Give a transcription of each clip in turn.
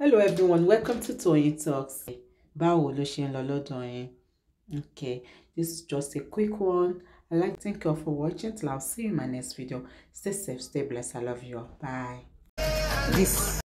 hello everyone welcome to Toyeen Talks báwo ló ṣe ń lọ lọ́dọ̀ yín okay this is just a quick one i like to thank you all for watching till i'll see you in my next video stay safe stay blessed i love you all bye. this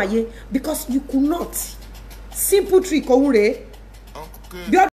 ayé because you could not simple trick òun rèé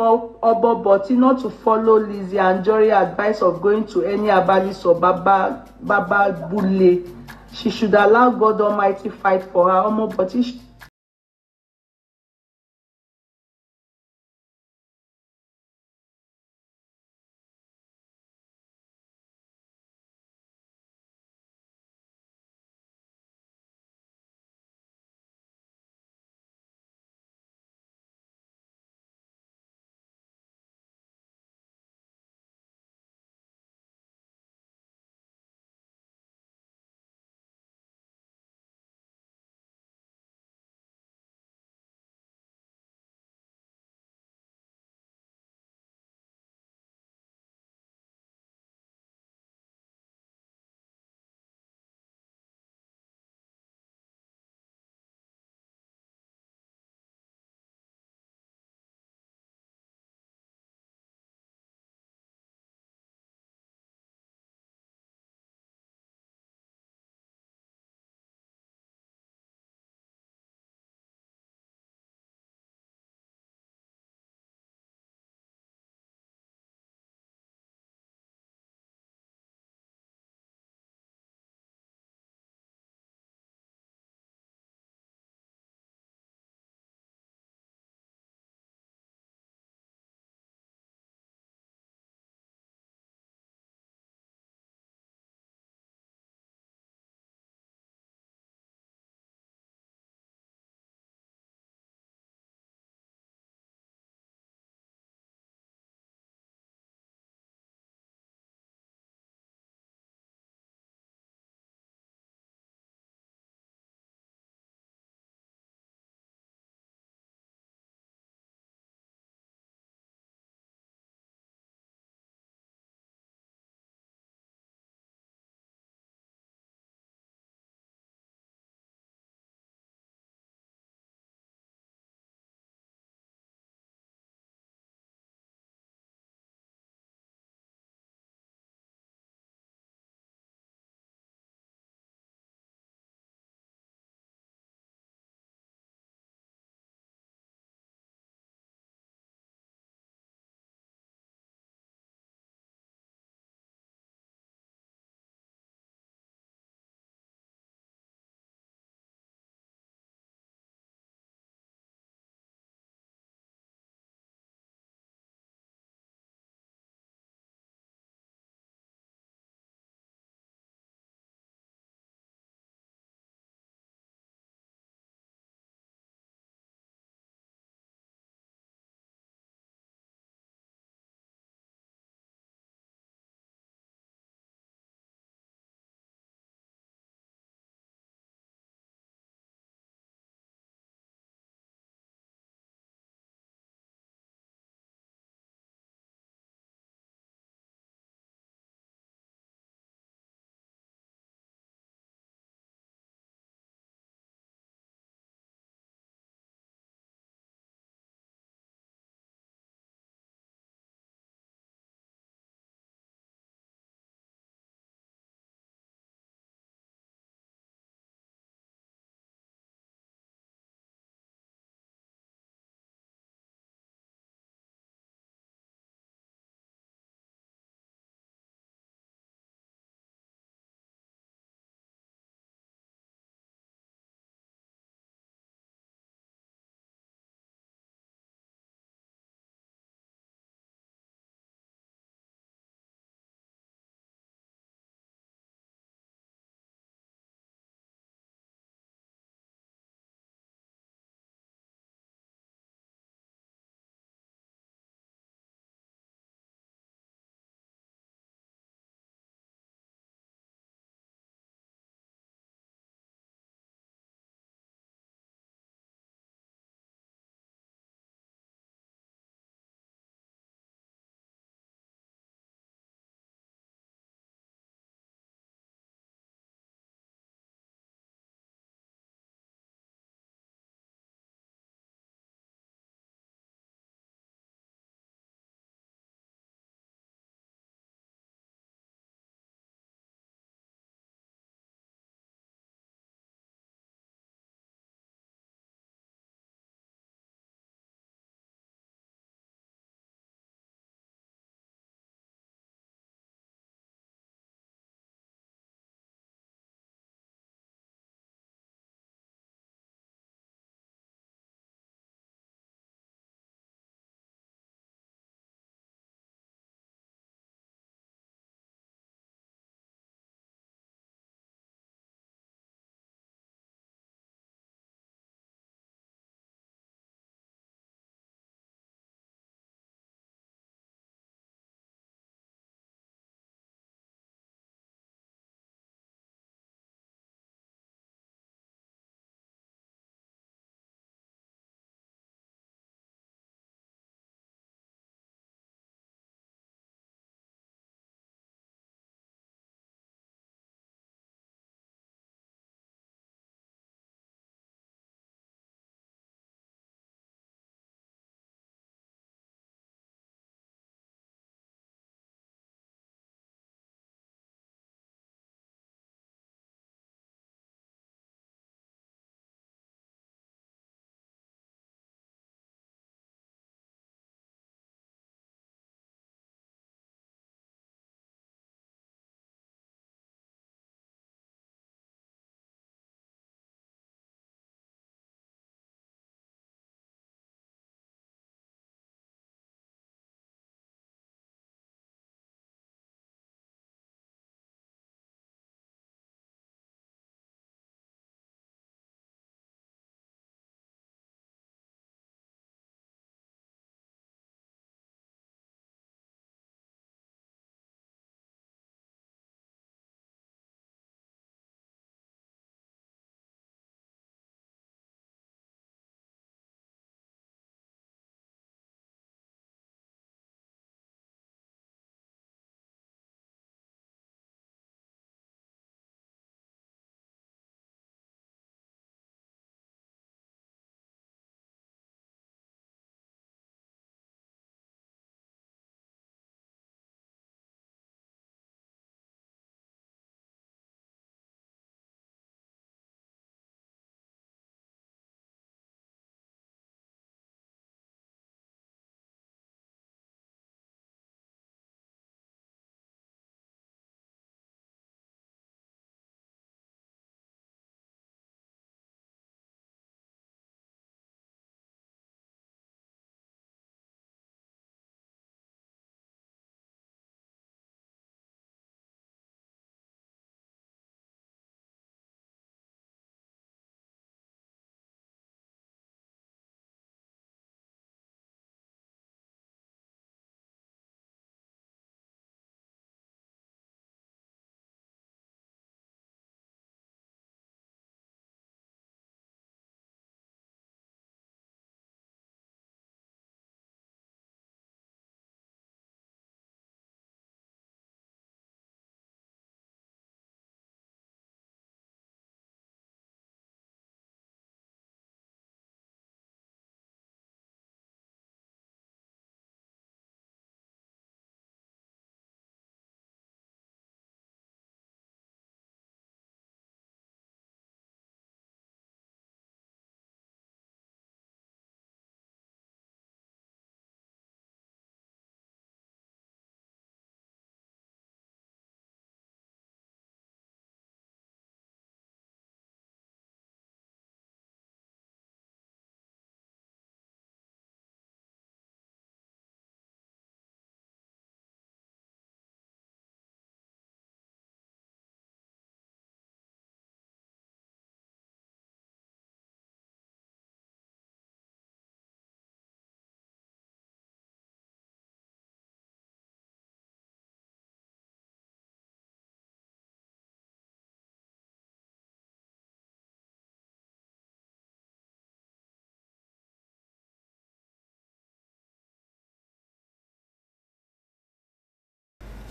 Omobobo not to follow Lizzie and Anjori's advice of going to any herbalist or Baba, Baba Bule. She should allow God Almighty fight for her. she.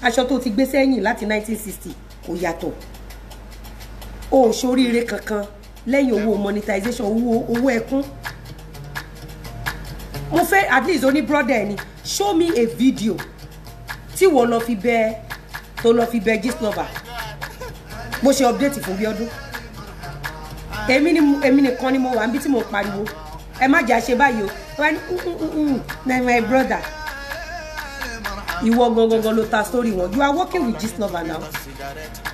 aṣọ tó ti gbé sẹ́yìn láti 1960 kò yàtọ̀ o ò ṣoríire kankan lẹ́yìn owó monetization owó owó ẹkún mo fẹ́ at least oní brother ni show me a video tí wọ́n lọ fi bẹ tó lọ fi bẹ gist lover mo ṣe update fún bí ọdún èmi ni èmi nìkan ni mo wà níbi tí mo pariwo ẹ má jà ṣe báyìí o ẹ wá ní na my brother ìwọ gangan ló ta sórí wọn you are working with Gistlover now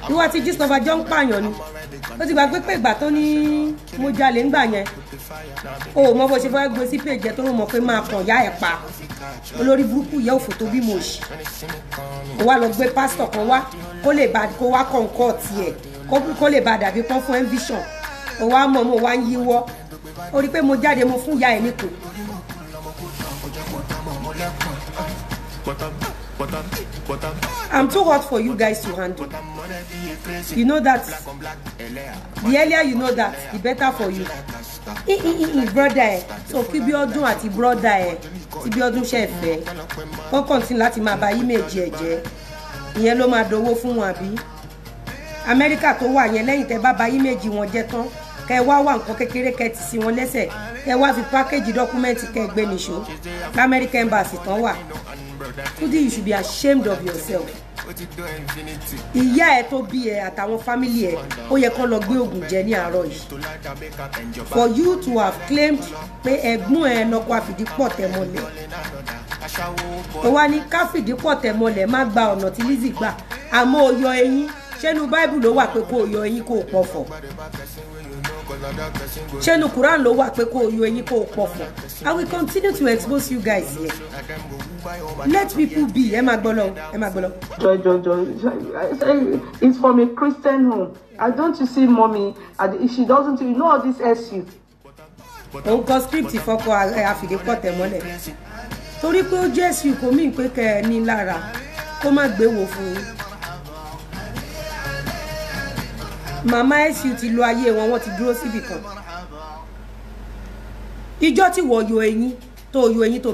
ìwọ àti Gistlover jọ ń pààyàn ni ó ti gbàgbé pé ìgbà tó ní mo jalè ńgbà yẹn o mọ bó ṣe fẹ́ gbé sí péjẹ tó rò mọ pé máa kàn yá ẹ̀ pa olórí burúkú yẹ òfò tó bí mo ṣì kó wá lọ gbé pásítọ̀ kan wá kó lè bá kó wá kọ̀ǹkọ̀ tiẹ̀ kó lè bá dàbí pọ́n fún ambition ó wá mọ̀ mo wá ń yíwọ́ ó rí pé mo jáde mo fún ìyá ẹ̀ nípò. I'm too hot for you guys to handle. You know that. The earlier you know that, the better for you. I, I, I, brother ẹ so kí bí ọdún àti brother ẹ tí bí ọdún ṣe fẹ́ wọn kọ̀ǹtì láti máa ba yí méjì ẹ jẹ ìyẹn ló máa dowó fún wọn àbí Amẹ́ríkà tó wà yẹn lẹ́yìn tẹ́ bá ba yí méjì wọn jẹ tán kẹ wá wá nǹkan kékeré kẹ ti sí wọn lẹ́sẹ̀ kẹ wá fi pákéjì dọ́kúmẹ́ǹtì kẹ gbé nìṣó lamẹ́ríkà ẹ̀mbàsì tán wà Túndé, you should be ashamed of yourself. Ìyá ẹ tó bí ẹ àtàwọn fámìlì ẹ ó yẹ kó lọ gbé oògùn jẹ ní àárọ̀ yìí. For you to have claimed pé ẹ̀gbọ́n ẹ lọ́kọ àfìdípọ̀ tẹ̀ mọ́lẹ̀. Ó wá ní káfìdípọ̀ tẹ̀ mọ́lẹ̀ má gba ọ̀nà tí Lizzy gbà àmọ́ ó yọ eyín ṣẹ́nu báìbù ló wà pé kó o yọ eyín kó o pọ̀fọ̀ ṣẹ́nu Quran ló wà pé kó o yọ eyín kó o pọ̀fọ̀ I will continue to expose you guys here let people be ẹ máa gbọ́ lọ ẹ máa gbọ́ lọ. jọjọjọ it's from a christian home and don't you see mommy if she doesn't you know all this su. òun kọ script ìfọkọ àfìdí pọ̀ tẹ̀ mọ́lẹ̀ torí pé ó jẹ́ su kò mí pé kẹ́ ẹ ní lára kó má gbé wo fún yín. màmá su ti lo ayé wọn wọ́n ti dúró síbì kan ìjọ tí wọ́n yọ eyín tó yọ eyín tó.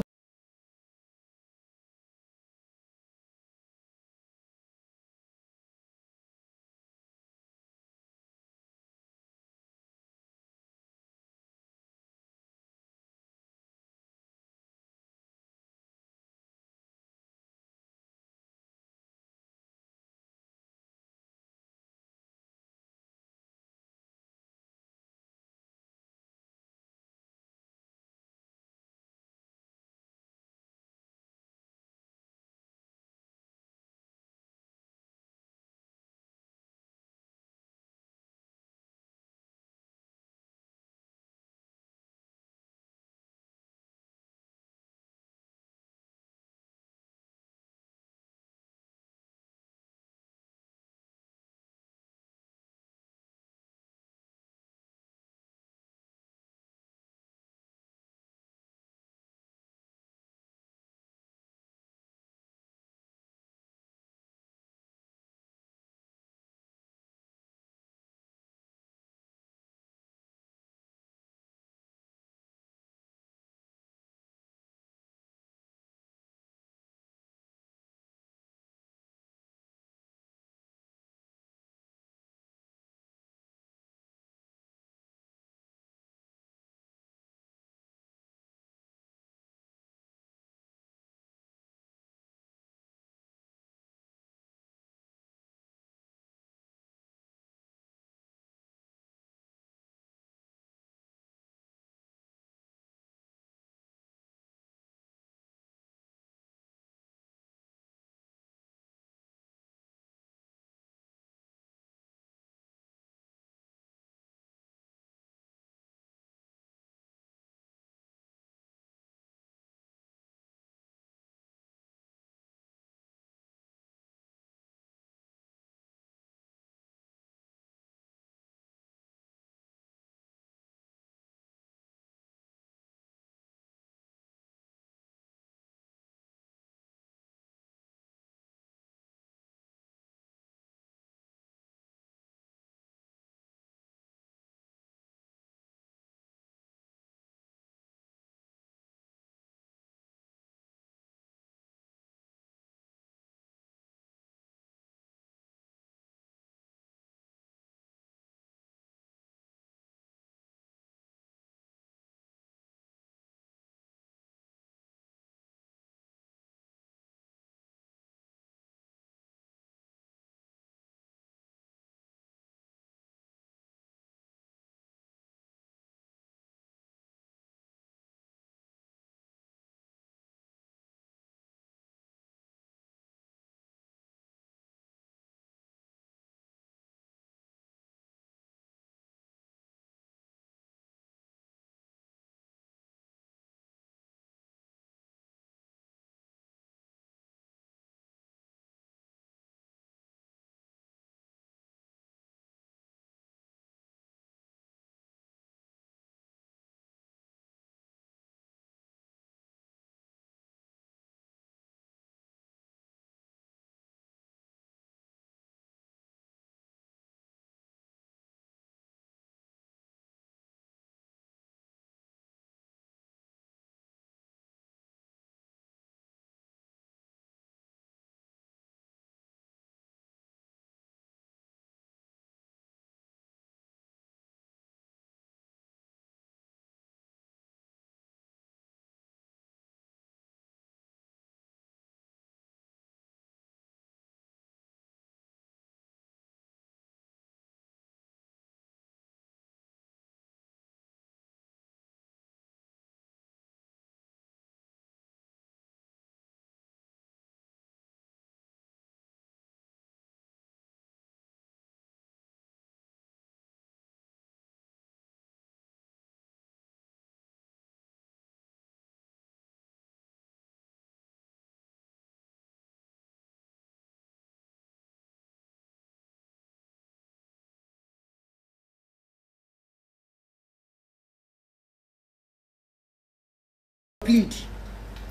plead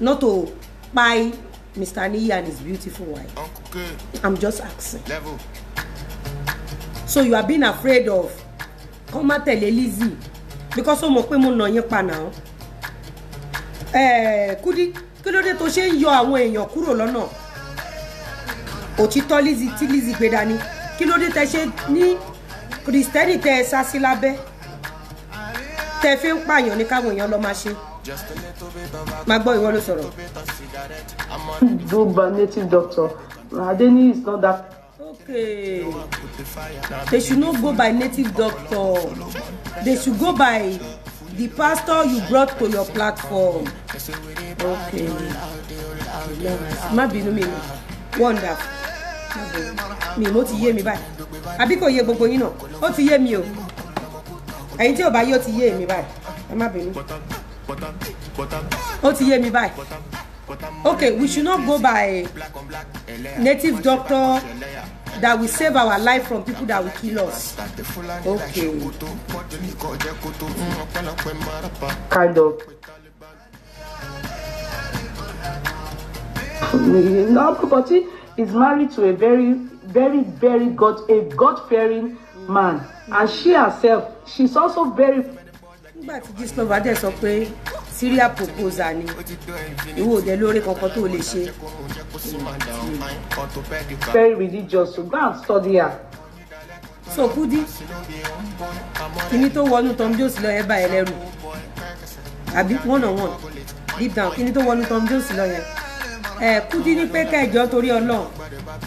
not to kpai Mr. Niyi and his beautiful wife. I'm just asking. Level. So you are being afraid of kọ́ má tẹ̀lé Lizzy because ó mọ̀ pé mo nà yín pa náà. Eh, kudi kí ló dé tó ṣe ń yọ àwọn èèyàn kúrò lọ́nà? Òtítọ́ Lizzy tí Lizzy gbé dání. Kí ló dé tẹ ṣe ní Kristẹni tẹ ẹ sá sí lábẹ́? Tẹ fi ń pààyàn ní káwọn èèyàn lọ máa ṣe. My boy, what is sọ̀rọ̀. go by native doctor adeni is not that. okay they should not go by native doctor they should go by the pastor you brought to your platform okay má bínú mi wonder mi mo ti yé mi báyìí àbí kò yé gbogbo yín náà ó ti yé mi o ẹ̀yin tí ò bá yé ó ti yé mi báyìí ẹ má bínú ó ti yé mi báyìí okay we should not go by native doctor that will save our life from people that will kill us okay mm. kind of now Kuti is married to a very very very god a god-fearing man and she herself she's also very nígbà tí Gistlover dẹ̀ sọ pé serial proposal ni ìwọ òde lórí kankan tó lè ṣe. very religious so go and study am. so Kudi kíní tó wọnú Tom Jones lọ yẹn bá ẹ lẹ́rù àbí one on one deep down kíní tó wọnú Tom Jones lọ ẹ Kudi ni pé kẹjọ torí Ọlọ́run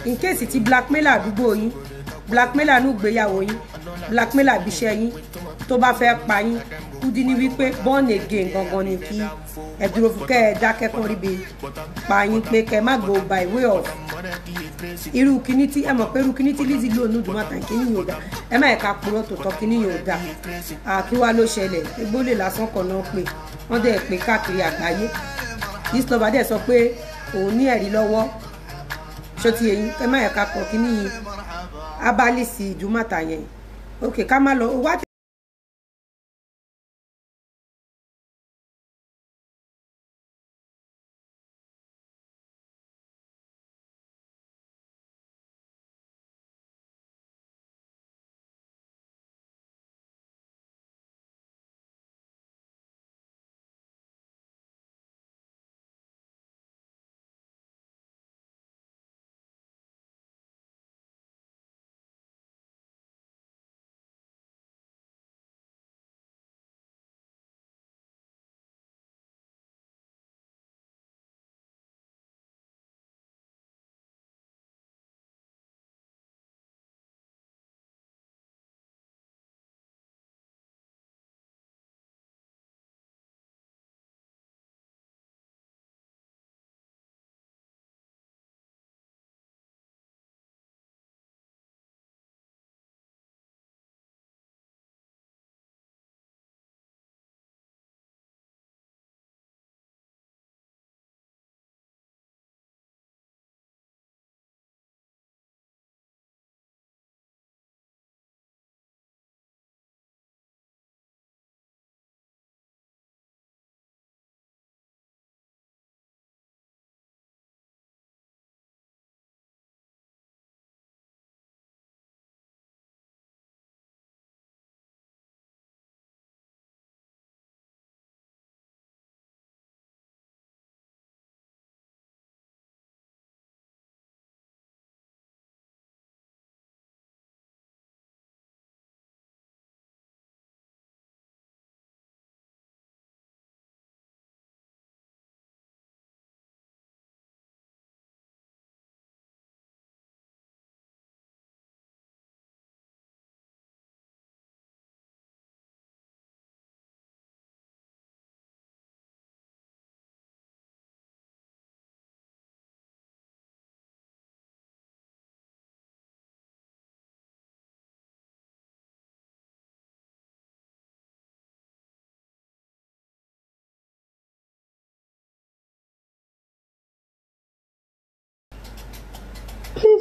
in case ti blackmailer àdúgbò yín blackmailer nù gbéyàwó yín blackmailer àbíṣẹ́ yín tó bá fẹ́ pa yín kúdí ní wípé born again gangan ni kí ẹ dúró fún kẹ́ ẹ dákẹ́ kan ríbi pa yín pé kẹ́ ẹ má go by way of irú kíní tí ẹ mọ̀ pé irú kíní tí Lizzy lò ní ìdùnmọ̀tà kíní yóò dá ẹ má ẹ̀ka purọ́ tòótọ́ kíní yóò dá àkíwá ló ṣẹlẹ̀ egbólè lásán kan náà pé wọ́n dẹ̀ pé káàkiri àgbáyé Lizzy dẹ̀ sọ pé òun ní ẹ̀rí lọ́wọ́ ṣó ti ẹ má ẹ̀ka pọ̀ kíní yìí abálìsì ìdùnmọ̀tà yẹn òkè ká má lọ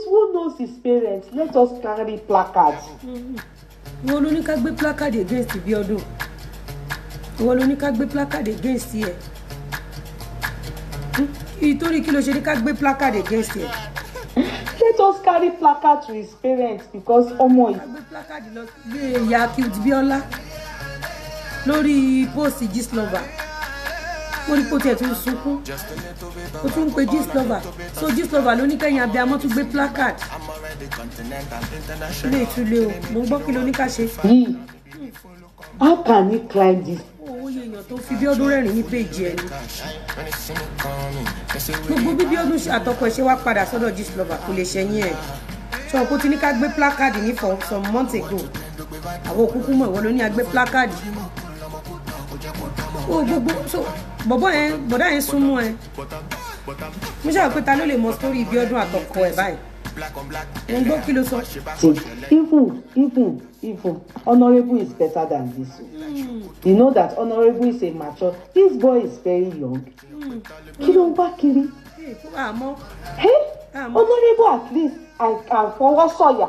who knows his parents let us carry placards. wọ́n ló ní ká gbé placard against Bíọ́dún wọ́n ló ní ká gbé placard against ẹ̀ ìtorí hmm? kí ló ṣe ní ká gbé placard against ẹ̀. let us carry placard to his parents because ọmọ yìí. ká gbé placard lọ sílé ìyá Bíọ́lá lórí post gist lover mo ní kó tiẹ̀ tún sunkún ó tún ń pe Gistlover so Gistlover ló ní kẹ́yìn abiyamọ tún gbé placard ilé ìtúlẹ̀ o mo ń gbọ́ kí ló ní ká how can you climb this tó fi bíọ́dún rẹ́rìn ní péjì ẹni gbogbo bí bíọ́dún àtọkọ ẹ̀ ṣe wá padà sọ́dọ̀ Gistlover kò lè ṣẹ̀yìn ẹ̀ sọ kó ti ní ká gbé plákáàdì ní for some months ago àwọn òkúkú mọ̀ ìwọ ló ní agbé plákáàdì o gbogbo so bọ̀bọ̀ yẹn bọ̀dá yẹn súnmọ́ ẹ mo ṣáà pé ló lè mọ sórí ibi ọdún àtọkọ ẹ báyìí ń gbọ́ kí ló sọ. even even even honourable is better than this o mm. you know that honourable is a mature this boy is very young hmm. kí ló ń bá kiri. àmọ́ honourable at least àfọwọ́sọ̀yà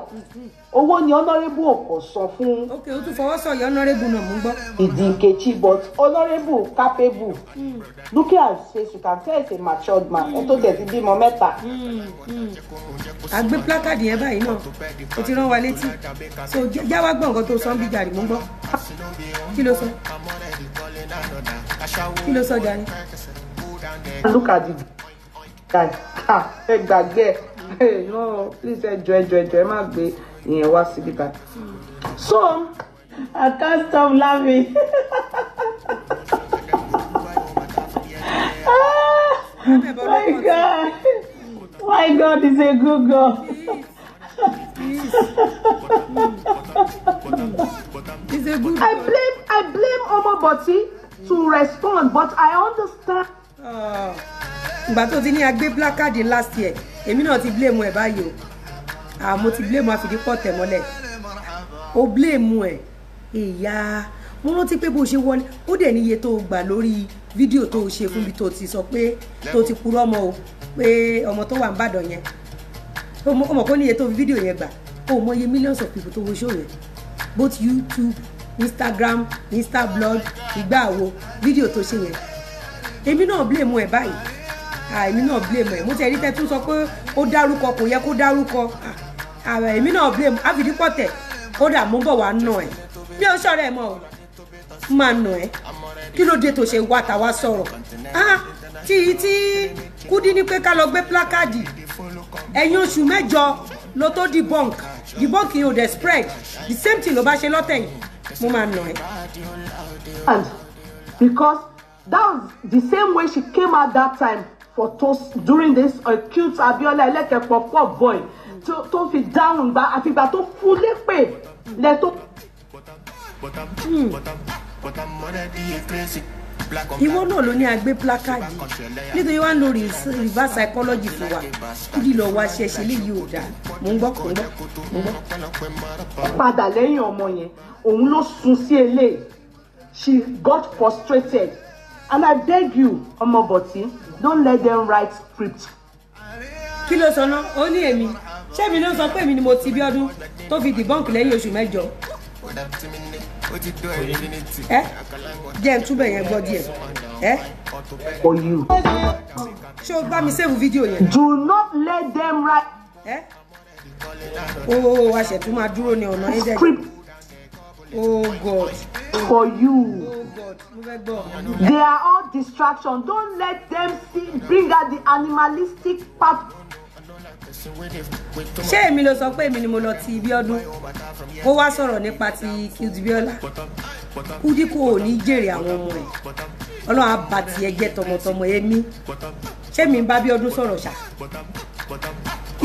owó ni ọ̀nàrẹ́bù òkò sọ fún. ok o tún fọwọ́sọ̀yà ọ̀nàrẹ́bù náà mú gbọ́. ìdí nkechi but ọ̀nàrẹ́bù capable hmm. look at face you can tell it's a matured man ẹ hmm. tó dẹ̀ ti bímọ mẹ́ta. Hmm, a gbé plákàdì ẹ báyìí náà o ti rán wa létí so jáwá gbọ́ nǹkan tó sọ ń bí jàre mú gbọ́ kí ló sọ kí ló sọ jàre. look at the guy ẹ gbàgbé ẹ no please ẹjọ ẹjọ ẹjọ ẹ má gbé ìyẹn wá síbi ta so i can't stop laughing. my god my god is a good girl. I blame I blame Omo Omoboti to respond, but I understand. Oh ìgbà tó ti ní agbé black card last year èmi náà ti blame ẹ báyìí o àmọ́ ti blame àfìdípọ̀ tẹ̀ mọ́lẹ̀ o blame ẹ ìyá mo rántí pé bó ṣe wọlé ó dẹ̀ níye tó gbà lórí fídíò tó ṣe fún mi tó ti sọ pé tó ti purọ́ ọmọ o pé ọmọ tó wà ń bàdàn yẹn ó mọ̀ kó níye tó fi fídíò yẹn gbà ó mọye millions of people tó wo show yẹn both YouTube Instagram Instablog ìgbà àwo fídíò tó ṣe yẹn èmi náà blame ẹ báyìí Ah, èmi náà blame ẹ̀ mo ti ẹ̀ rí tẹ́ tún sọ pé ó dárúkọ kò yẹ kó dárúkọ ah, ah, èmi náà blame àfìdípọ̀ tẹ̀ kódà mo bọ̀ wá nà ẹ̀ mi ò sọ̀rọ̀ ẹ̀ mọ́ o máa nà ẹ́ kí ló dé tó ṣe wá tàwa sọ̀rọ̀ tí tí Kúdí ní pé ká lọ gbé plákáàdì ẹ̀yìn oṣù mẹ́jọ ló tó debunk debunk yìí ò dẹ̀ spread the same thing ló bá ṣe lọ́tẹ̀ yìí mo máa nà ẹ́. and because that was the same way she came out that time for toast during this acute Abiola Eleke pop boy tó tó fi dáhùn gba àfìgbà tó fún lépè lẹ tó. Hmm. ìwọ náà ló ní agbé placard nítorí wàá ń lo psychology fún wa kí lọ wá ṣẹṣẹ léyìí ò dáa mò ń gbọ́ mò ń gbọ́ mò ń gbọ́. padà lẹ́yìn ọmọ yẹn òun ló sun sí eléyìí she got frustrated and i beg you ọmọ bọ̀tí don't let them write script. kí ló sọ náà ó ní èmi ṣé mi ló sọ pé èmi ni mo ti bí ọdún tó fi dìbọ́ǹkì lẹ́yìn oṣù mẹ́jọ. ẹ jẹ́ ń túbọ̀ yẹn gbọ́ díẹ̀ ẹ. for you. ṣé o gbá mi save fídíò yẹn. do not let them write. ẹ. o o àṣẹ tó máa dúró ní ọ̀nà ẹ̀dẹ̀. script Oh God. For you. Oh They are all distraction. Don't let them see, bring out the animalistic part. Ṣé èmi ló sọ pé èmi ni mo lọ ti ibi ọdún? Ó wá sọ̀rọ̀ nípa ti Kudibiola. Kudiko ò ní jèrè àwọn ọmọ rẹ̀. Ọlọ́run á bá tiẹ̀ jẹ́ tọmọtọmọ èmi. Ṣé mi ń bá Bíọ́dún sọ̀rọ̀ ṣá?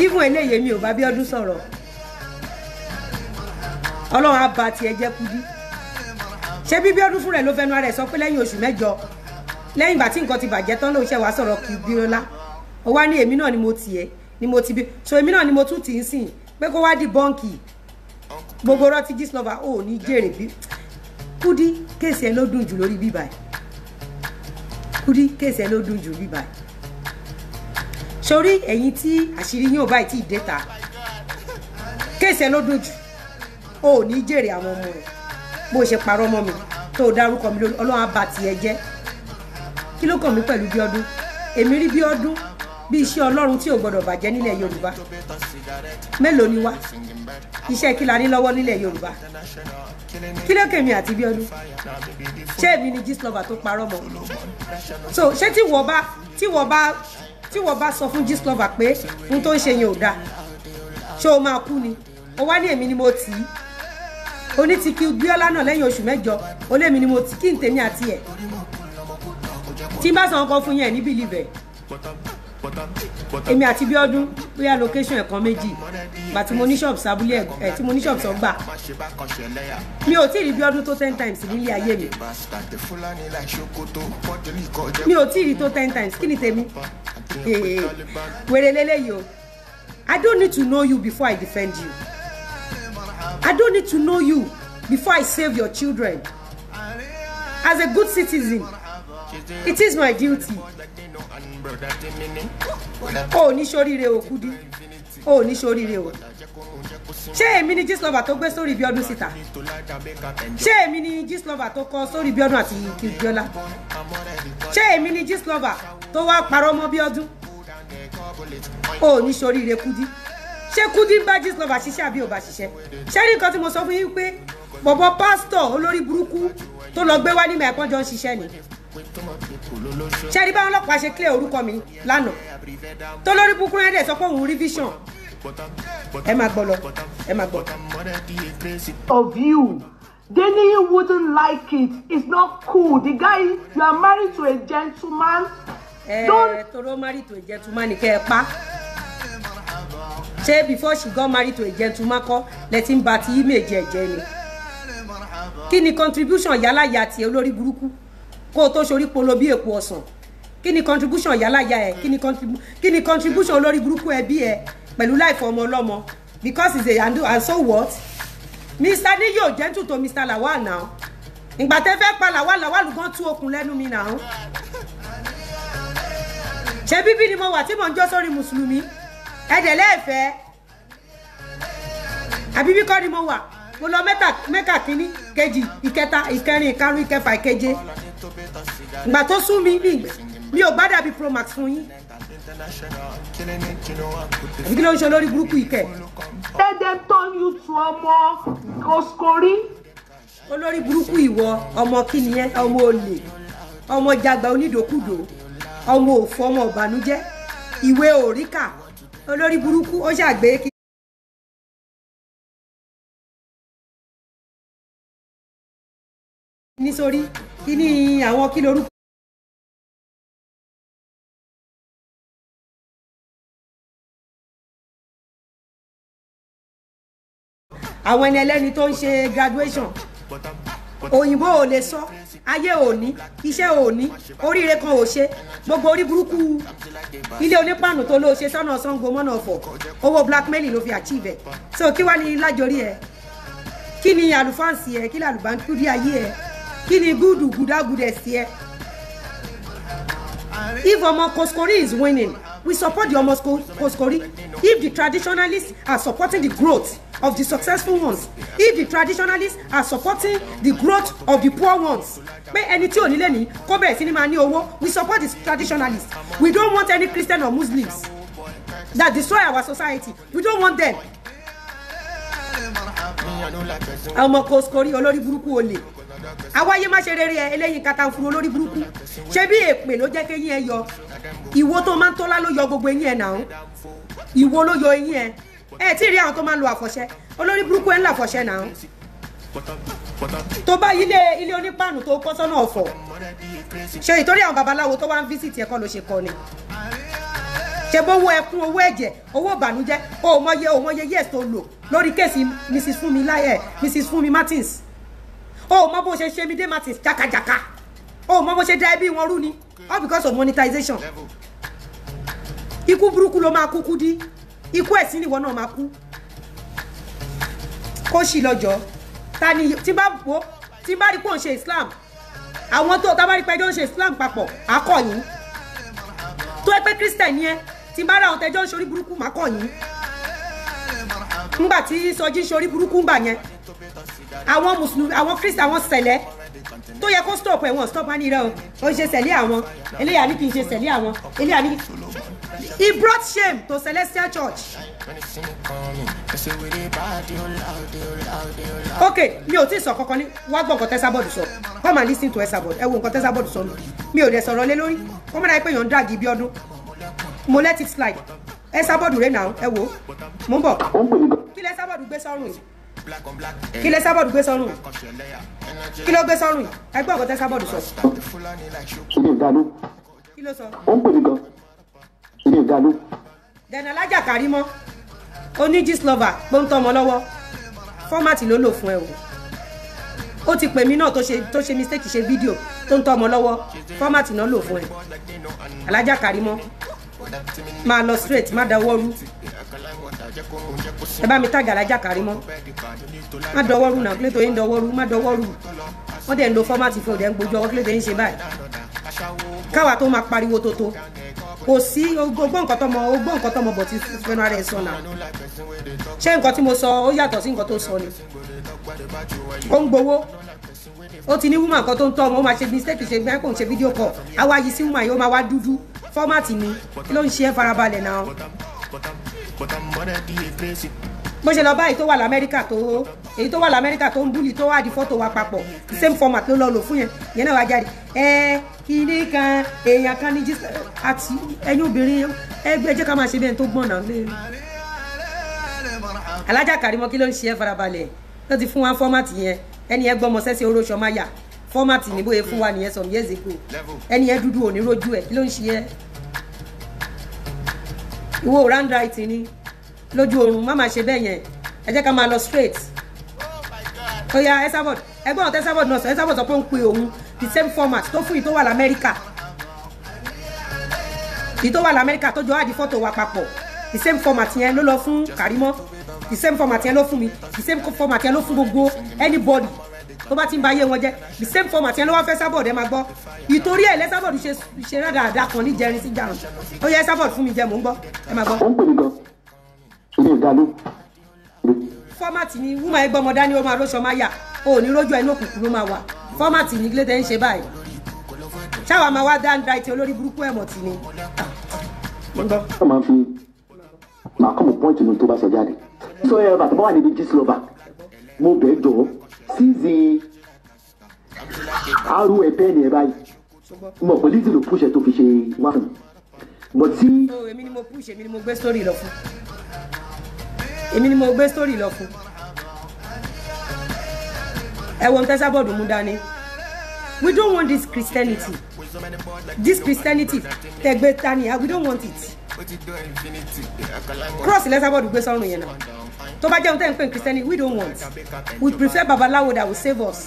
Even eléyèmí ò bá Bíọ́dún sọ̀rọ̀ ọlọ́run á ba tiẹ̀ jẹ́ kúdí ṣé bíbí ọdún fúnra ẹ̀ ló fẹnu ara ẹ̀ sọ pé lẹ́yìn oṣù mẹ́jọ lẹ́yìn ìgbà tí nǹkan ti bàjẹ́ tán lóun ṣe wàá sọ̀rọ̀ kí bíọ́lá ó wá ní èmi náà ni mo tiẹ̀ ni mo ti bí so èmi náà ni mo tún tì í sìn pé kó wá di bọ́ǹkì gbogbo rọtí gíslọ́ba ò ní jèrè bí kúdí kéèsì ẹ ló dùn jù lórí bíbá ẹ kúdí tí àṣírí yín báyìí tí ì dé kéèsì ẹ ló dùn jù o ò ní jèrè àwọn ọmọ rẹ bó ṣe parọ́ mọ́ mi tó o dárúkọ mi lórí ọlọ́run á bà tiẹ̀ jẹ́ kí ló kàn mí pẹ̀lú bí ọdún èmi rí bí ọdún bí iṣẹ́ ọlọ́run tí ò gbọ́dọ̀ bàjẹ́ nílẹ̀ yorùbá mélòó ni wá iṣẹ́ kí la ní lọ́wọ́ nílẹ̀ yorùbá kí ló kèmi àti bí ọdún ṣé èmi ni Gistlover tó parọ́ mọ́ so ṣé tí wọ́n bá tí wọ́n bá tí wọ́n bá sọ fún Gistlover pé ohun tó ń ṣe yẹn ò dáa ṣé o máa kú ni o wá ní èmi ni mo tì í oní ti kí gbíọ́lá náà lẹ́yìn oṣù mẹ́jọ olémi ni mo ti kí n tèmi àti ẹ̀ tí n bá sọ ọkọ fún yẹn ní bílíbẹ̀ èmi àti bíọ́dún bóyá location ẹ̀kan méjì gbà mo ní ṣọ́ọ̀bù sábúlé ẹ̀ tí mo ní ṣọ́ọ̀bù sọ́gbà mi ò tí ì rí bíọ́dún tó ten times nílé ayé mi mi ò tí ì rí tó ten times kí ni tèmi wèrè lélẹ́yìí o I don't need to know you before I defend you. I don't need to know you before I save your children. As a good citizen, it is my duty. Oh, ò ní ṣoríire o Kudi, o ò ní ṣoríire o. Ṣé èmi ni Gistlover tó gbé sórí Bíọ́dún síta? Ṣé èmi ni Gistlover tó kọ sórí Bíọ́dún àti Kìbíọ́lá? Ṣé èmi ni Gistlover tó wá parọ́ mọ́ Bíọ́dún? O ò ní ṣoríire Kudi ṣé Kudi ń bá gist lover ṣiṣẹ́ àbí ò bá ṣiṣẹ́ ṣé rí nǹkan tí mo sọ fún yín pé bọ̀bọ̀ pásítọ̀ olórí burúkú tó lọ gbé wá ní mẹ́ẹ̀kan ń ṣiṣẹ́ ni ṣé rí báwọn ọlọ́pàá ṣe clear orúkọ mi lánàá tó lórí burúkú yẹn sọ pé òun rí ẹ máa gbọ́ lọ ẹ máa gbọ́. of you Danny wouldn't like it it's not cool the guy you are married to a gentleman. ẹ ẹ toro married to a gentleman ni kẹ ẹ pa ṣé before she got married to a gentleman kọ́ lẹ́tí ń ba ti image ẹ̀jẹ̀ ni kí ni contribution yálàyà tiẹ̀ olórí burúkú kó o tó ṣorí polo bí èpo ọ̀sán kí ni contribution yálàyà ẹ̀ kí ni contribution olórí burúkú ẹbí ẹ pẹ̀lú láìfọ ọmọ ọlọ́mọ because it's a handle and so what mr niyo gentle to mr lawal now ìgbà tẹ́ fẹ́ pa lawal lawal gan tú okùn lẹ́nu mi now ṣebí bí ni mo wà tí mò ń jọ́ sórí mùsùlùmí ẹ̀dẹ̀ lẹ́ẹ̀fẹ́ àbí bí kọ́ ni mo wà mo lọ mẹ́ka kínní kejì ìkẹta ìkẹrin ìkarùn ìkẹfà ìkeje ìgbà tó sún mi ní mi ò gbádà bí promax fún yín àbí kí ló ń ṣe olórí burúkú ìkẹ. ṣé dem turn you to ọmọ oskori. olórí burúkú ìwọ ọmọ kí ni ọmọ olè ọmọ jàgbá onídòkúdò ọmọ òfò ọmọ ìbànújẹ́ ìwé òríkà olórí burúkú ó ṣàgbé kí. nítorí kí ni àwọn kí lorúkọ. àwọn ẹni ẹlẹ́ni tó ń ṣe graduation òyìnbó ò lè sọ ayé ò ní iṣẹ́ ò ní oríire kan ò ṣe gbogbo orí burúkú ilé onípàánù tó ló ṣe sọ́nà sango mọ́nà ọ̀fọ̀ owó blackmail ló fi achieve ẹ̀ so kí wàá ní lájorí ẹ kí ni àlùfáàsì ẹ kí ni àlùbáńkúdí ayé ẹ kí ni gúdù gúdágúdẹ sí ẹ. If Omo Koskori is winning, we support the Omo Koskori. If the traditionalists are supporting the growth of the successful ones if the traditionalists are supporting the growth of the poor ones pé ẹni tí ò nílé ní kó bẹ̀rẹ̀ sí ni máa ní owó we support the traditionalists we don't want any christian or muslims that destroy our society we don't want them. ọmọ koskori olórí burúkú olè àwáyé má ṣe rere ẹ eléyìí katanfuru olórí burúkú ṣé bí èpè ló jẹ́ kéyín ẹ yọ ìwo tó máa ń tọ́lá ló yọ gbogbo eyín ẹ nàá ìwo ló yọ eyín ẹ ẹ tí ì rí àwọn tó máa ń lo àfọ̀ṣẹ olórí burúkú ẹ ń lo àfọ̀ṣẹ náà tó bá ilé ilé onípàánù tó kọ́ sọ́nà ọ̀fọ̀ ṣe ìtorí àwọn babaláwo tó wá ń físìtì ẹ̀kọ́ ló ṣe kọ́ ni ṣe bówó ẹkún owó ẹ̀jẹ̀ owó ìbànújẹ́ òmọye òmọye yes tó lò lórí kéèsì mrs fúnmi láyẹ̀ mrs fúnmi martins òmọ bó ṣe ṣe mí dé martins jákàjákà òmọ bó ṣe dá ẹbí wọn rú ni all because of monetization ikú burúkú ló máa kúkú dí ikú ẹ̀sìn nìwọ náà máa kú kó sì lọ́jọ́ ta ni tí bá wo tí bá rí pé òun ṣe Islam àwọn tó tá bá rí pé ń ṣe Islam papọ̀ àkọ́yìn tó ẹ pé Christian yẹn tí bá ra àwọn tẹjọ́ ń ṣorí burúkú máa kọ́yìn ńgbà tí sọjí ń ṣorí burúkú ńgbà yẹn àwọn mùsùlùmí àwọn Christian àwọn sẹ̀lẹ̀ tó yẹ kó stop ẹ̀ wọ́n stop á ní irọ́ o ṣe sẹ̀lé àwọn eléyà ní kì í ṣe sẹ̀lé àwọn eléyà ní. he brought shame to Celestial Church. ok mi ò tí ì sọ kankan ní wá gbọ́ tẹ́sàbọ̀dù sọ come and listen to ẹ̀sàbọ̀dù ẹ wo nǹkan tẹ́sàbọ̀dù sọ mi ò dẹ̀ sọ̀rọ̀ lé lórí wọ́n mọ̀ náà pé èèyàn ń dàgì bí ọdún mo let it slide ẹ̀sàbọ̀dù rẹ̀ nà ẹ wo mo ń bọ̀ kí lẹ́sàbọ̀dù gbé sọ́rùn yìí kí lẹ sábọ̀dù gbé sọ́rùn kí ló gbé sọ́rùn ẹgbẹ́ ọ̀gọ́tẹ́ sábọ̀dù sọ. ṣílẹ̀ ìdáló ó ń pè mí gan ṣílẹ̀ ìdáló. dẹ̀nà alájà kárí mọ́ oníjì slova ló ń tọmọ lọ́wọ́ fọ́mátì ló lò fún ẹ o ó ti pè mí náà tó ṣe mistake ṣe fídíò tó ń tọmọ lọ́wọ́ fọ́mátì náà lò fún ẹ alájà kárí mọ́ máa lọ straight má dáwọ́ rú ẹ bá mi tàgà alájà kárí mọ́ má dọwọ́ rú náà kílẹ̀tọ̀ yín ń dọwọ́ rú má dọwọ́ rú wọ́n dẹ̀ ń lo fọ́mátì fún ọ̀dẹ̀ ń gbójú ọwọ́ kílẹ̀tọ̀ yín ṣe báyìí káwa tó máa pariwo tótó kò sí ogbó nǹkan tọmọ ogbó nǹkan tọmọ bọ̀ tí fẹ́nu ara ẹ̀ sọ náà ṣé nǹkan tí mo sọ ó yàtọ̀ sí nǹkan tó sọ ni ó ń gbowó ó ti ní wúmọ̀ nǹkan tó ń tọ́ ọmọ ó máa ṣe mistake ṣe gbẹ́ kò ń ṣe fídíò kọ̀ àwa yìí sí wúmọ̀ yìí ó máa wá dúdú fọ́mátì mi kí ló ń ṣe é farabalẹ̀ náà bó ṣe lọ báyìí tó wà lamẹ́ríkà tó èyí tó wà lamẹ́ríkà tó ń búlì tó wà di fọ́tò wa papọ̀ same format ló lọ lò fún yẹn yẹn náà wá jáde ẹ ilé kan èèyàn kan ní jísẹ àti ẹ̀yin obìnrin ẹgbẹ́ jẹ́ ká máa ṣe bẹ́ẹ̀ tó gbọ́n náà lé alájà kàrímọ kí ló ń ṣe é farabalẹ̀ tó ti fún wa fọ́mátì yẹn ẹni yẹn gbọ́mọ sẹ́sẹ́ oróṣọ máa yà fọ́mátì níbo yẹn fún wa nìyẹn some years ago ẹni yẹn dúdú òní rojú ẹ̀ kí ló ń ṣe é ìwọ handwriting ni lójú oorun má máa ṣe bẹ́ẹ̀ yẹn ẹ jẹ́ ká máa lọ straight ó yá ẹsàbọ̀d ẹgbọ́n ọ̀tẹ́ ẹsàbọ̀d náà sọ ẹsàbọ̀d sọ pé ó ń pe òun the same format tó fún ìtọ́wà lamẹ́ríkà ìtọ́wà lamẹ́ríkà tó jọ àdì fọ́tò wa papọ̀ the same format yẹn ló lọ fún Kàrímọ́ the same format yẹn ló fún mi the same format yẹn ló fún gbogbo anybody tó bá ti ń ba ayé wọn jẹ́ the same format yẹn ló wá fẹ́ sábọ̀dù ẹ máa gbọ́ ìtorí ẹ̀ lẹ́ sábọ̀dù ṣe ṣe rádaràda kan ní jẹrin sí jàrùn ó yẹ sábọ̀dù fún mi jẹ mò ń gbọ́ ẹ máa gbọ́. ó ń pè mí gan ilé ìdáló. fọ́màtì ni wúmọ̀ ẹgbẹ́ ọmọ dání ó máa lóṣọ máa yà ó ní rójú ẹnu òkùnkùn ló máa wà fọ́màtì ni ilé tẹ́ ń ṣe báyìí ṣáwa máa wá dáńdá ìtì olórí burúkú ẹ̀mọ̀ tì ni. mo bẹ̀ẹ́ jọ̀ọ́ season aro ẹ bẹ́ẹ̀ ni ẹ báyìí mo kò lídìí ló púṣẹ tó fi ṣe wá fún mi bọ̀ tí. o èmi ni mo púṣẹ èmi ni mo gbé sórí lọ fún èmi ni mo gbé sórí lọ fún ẹ wọ ntẹ́sà bọ́ọ̀dù mú dání we don't want this Christianity this Christianity tẹgbẹ́ tani we don't want it cross lẹ́sà bọ́ọ̀dù gbé sọ́run yẹn náà tó bá jẹ́ ohun tẹ́ ń pè ní Christianity we don't want we prefer babaláwo that will save us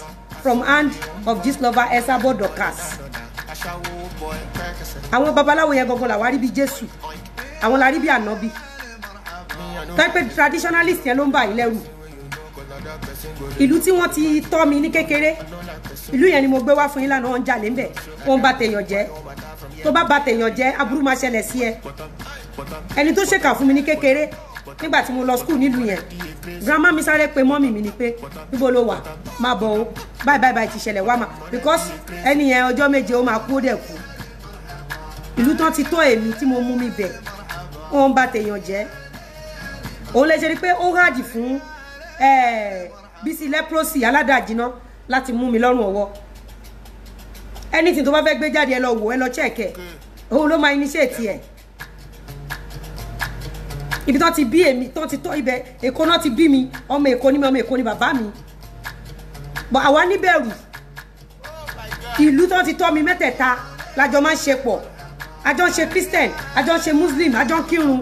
from hand of this lover Esabo Dorcas àwọn babaláwo yẹn gangan làwa rí bí Jésù àwọn la rí bí ànábì tẹ́pẹ́ traditionalist yẹn ló ń bà yín lẹ́rù ìlú tí wọ́n ti tọ́ mi ní kékeré ìlú yẹn ni mo gbé wá fún yín lánàá wọ́n ń jalè ńbẹ̀ wọ́n ń ba tèèyàn jẹ́ tó bá ba tèèyàn jẹ́ aburú máa ṣẹlẹ̀ sí ẹ ẹni tó ṣèkà fún mi ní kékeré nígbà tí mo lọ school nílùú yẹn grandma mi sáré pe mọ́mì mi ni pé níbo ló wà má bọ̀ o báyìí báyìí báyìí ti ṣẹlẹ̀ wá mà because ẹni yẹn ọjọ́ méje ó máa kú ó dẹ̀ kú ìlú tán ti tó èmi tí mo mú mi bẹ̀ ó ń bà tèèyàn jẹ́ òun lè ṣe ni pé ó hàdì fún Bísí leprosy aládàjìná láti mú mi lọ́rùn ọwọ́ anything tó bá fẹ́ gbé jáde ẹ lọ wò ẹ lọ check ẹ òun ló máa initiate ẹ ibi tó ti bí èmi tó ti tọ́ ibẹ̀ èkó náà ti bí mi ọmọ èkó ni mi ọmọ èkó ni bàbá mi but àwa níbẹ̀rù ìlú tó ti tọ́ mi mẹ́tẹ̀ẹ̀ta lájọ máa ń ṣe pọ̀ àjọ ń ṣe christian àjọ ń ṣe muslim àjọ ń kírun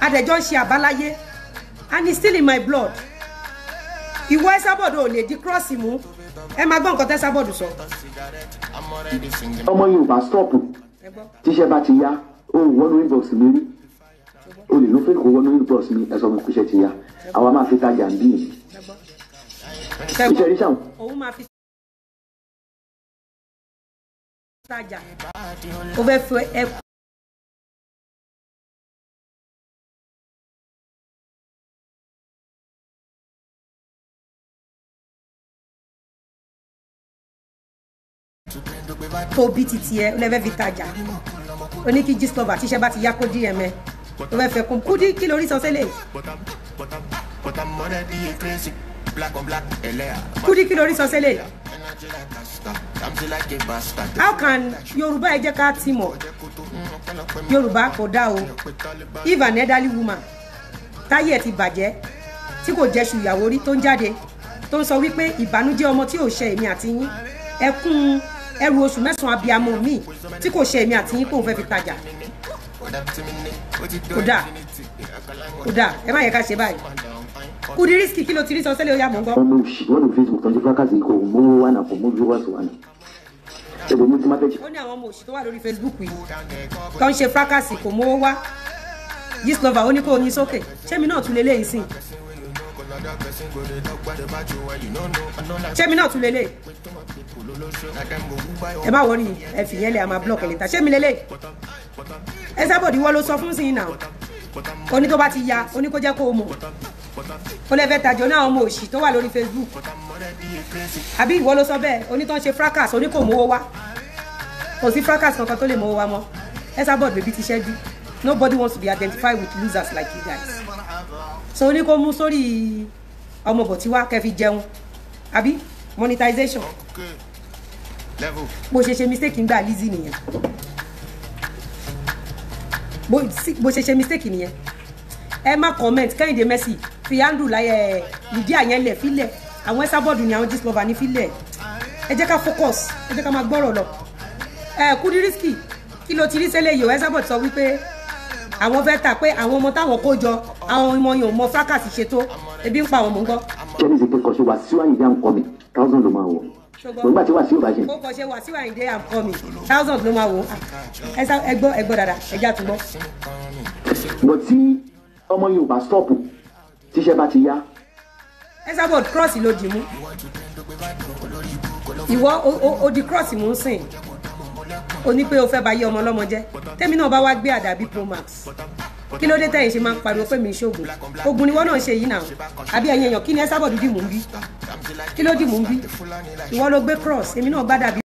àdẹ̀jọ́ ń ṣe àbáláyé and it's still in my blood ìwọ ẹ sábọ̀dọ̀ ò lè di cross mú ẹ máa gbọ́ nǹkan tẹ́ sábọ̀dọ̀ sọ. ọmọ yorùbá stop tíṣẹ́ bá ti yá ohun wọnú inbox mi rí olùlú fẹ́ kó wọnú plus ni ẹ sọ fún iṣẹ́ ti ya àwa máa fi tajà ń bí yìí iṣẹ́ rí sàn. ó fẹ́ fi ẹkú. tó bí titi ẹ lẹ́fẹ̀ẹ́ fi tajà oníkíjí stọba tíṣẹ́ bá ti yá kó dm ẹ tó fẹ́ fẹ́ kún kúdí kí lórí sọ sílẹ̀. kúdí kí lórí sọ sílẹ̀. how can yorùbá ẹ jẹ́ ká ti mọ̀ yorùbá kò dá o if an elderly woman táyé ẹ̀ ti bàjẹ́ tí kò jẹ́ ṣùyàwó rí tó ń jáde tó ń sọ wípé ìbànújẹ́ ọmọ tí ò ṣe èmi àti yín ẹkún ẹrù oṣù mẹ́sàn mi tí kò ṣe èmi àti yín kò fẹ́ fi tajà kódà kódà ẹ má yẹ ká ṣe báyìí Kudirisky kí ló ti rí sọ sẹ́lẹ̀ ó yà mọ́ gbọ́. ọmọ òṣìṣẹ́ wọn ní Facebook tọ́jú fákàtí kò mú wà náà kò mú bí wà náà ẹ̀bùn mi ti má fẹ́ jù. ó ní àwọn ọmọ òṣì tó wà lórí Facebook yìí tó ń ṣe fákàtí kò mówó wá gist lover ó ní kó oyin sókè ṣé mi náà tún lè léyìí sí ṣé mi náà tún lè léyìí ẹ má wọrí ẹ fìyẹn lẹ a máa block ẹ lè ta ṣé lè léyìí ẹ sábọ̀dì wọ́n ló sọ fún sìn náà oní tó bá ti ya oní kó jẹ́ kó o mọ̀ ó lẹ́fẹ́ tajọ ní àwọn ọmọ òṣì tó wà lórí Facebook àbí ìwọ ló sọ bẹ́ẹ̀ oní tó ń ṣe fracas oní kò mówó wá kò sí fracas kankan tó lè mówó wá mọ́ ẹ sábọ̀dì bèbí ti ṣẹ́jú nobody wants to be identified with losers like you guys so oní kó mú sórí ọmọ bọ̀tí wá kẹ́ jẹun àbí monetization bó ṣe ṣe mistake ń gbà Lizzy nìyẹn bó ṣe ṣe mistake nìyẹn ẹ má comment kẹ́hìndé mercy fi handle láyẹ lydia eh, yẹn lẹ̀ fílẹ̀ àwọn ẹ́sàbọ̀dù ni àwọn gist lover ní fílẹ̀ ẹ jẹ́ ká focus ẹ jẹ́ ká máa gbọ́rọ̀ lọ ẹ Kudirisky kí ló ti rí sẹ́lẹ̀ yìí ọ̀ ẹ́sàbọ̀dù sọ wípé àwọn fẹ́ ta pé àwọn ọmọ táwọn kó jọ àwọn ọmọ yẹn ò mọ fracas ṣètò ebi ń pa àwọn mò ń gbọ́. ẹni ṣe pé kọ́ṣe wá síwájú yá ń kọ́ mi thousand ló máa wọ̀ nígbà tí wàsíù bá ṣe. ó kọ ṣe wàsíù àyìndé àkọ mi thousands ló máa wò ẹ gbọ́ ẹ gbọ́ dada ẹ já tún gbọ́. bó tí ọmọ yorùbá stop tíṣẹ́ bá ti yá. ẹ cross ló dì mú ìwọ odi cross mú sìn o ní pé o fẹ́ bá yé ọmọ ọlọ́mọ jẹ́ tèmi náà bá wá gbé àdàbí pro max kí ló dé tẹ́yìn ṣe máa ń pariwo pé mi ṣoògùn ogun ni wọ́n náà ṣe yìí náà àbí ẹ̀yin èèyàn kí ni ẹ sábọ̀ dídì mú bí kí ló dì mú bí ìwọ ló gbé cross èmi náà gbádàbí.